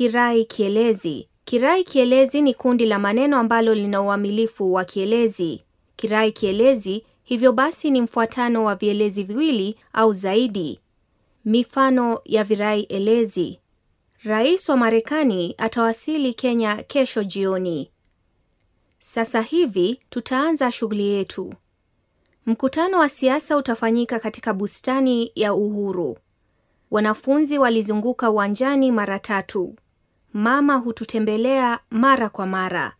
Kirai kielezi. Kirai kielezi ni kundi la maneno ambalo lina uamilifu wa kielezi. Kirai kielezi hivyo basi ni mfuatano wa vielezi viwili au zaidi. Mifano ya virai elezi: Rais wa Marekani atawasili Kenya kesho jioni. Sasa hivi tutaanza shughuli yetu. Mkutano wa siasa utafanyika katika bustani ya Uhuru. Wanafunzi walizunguka uwanjani mara tatu. Mama hututembelea mara kwa mara.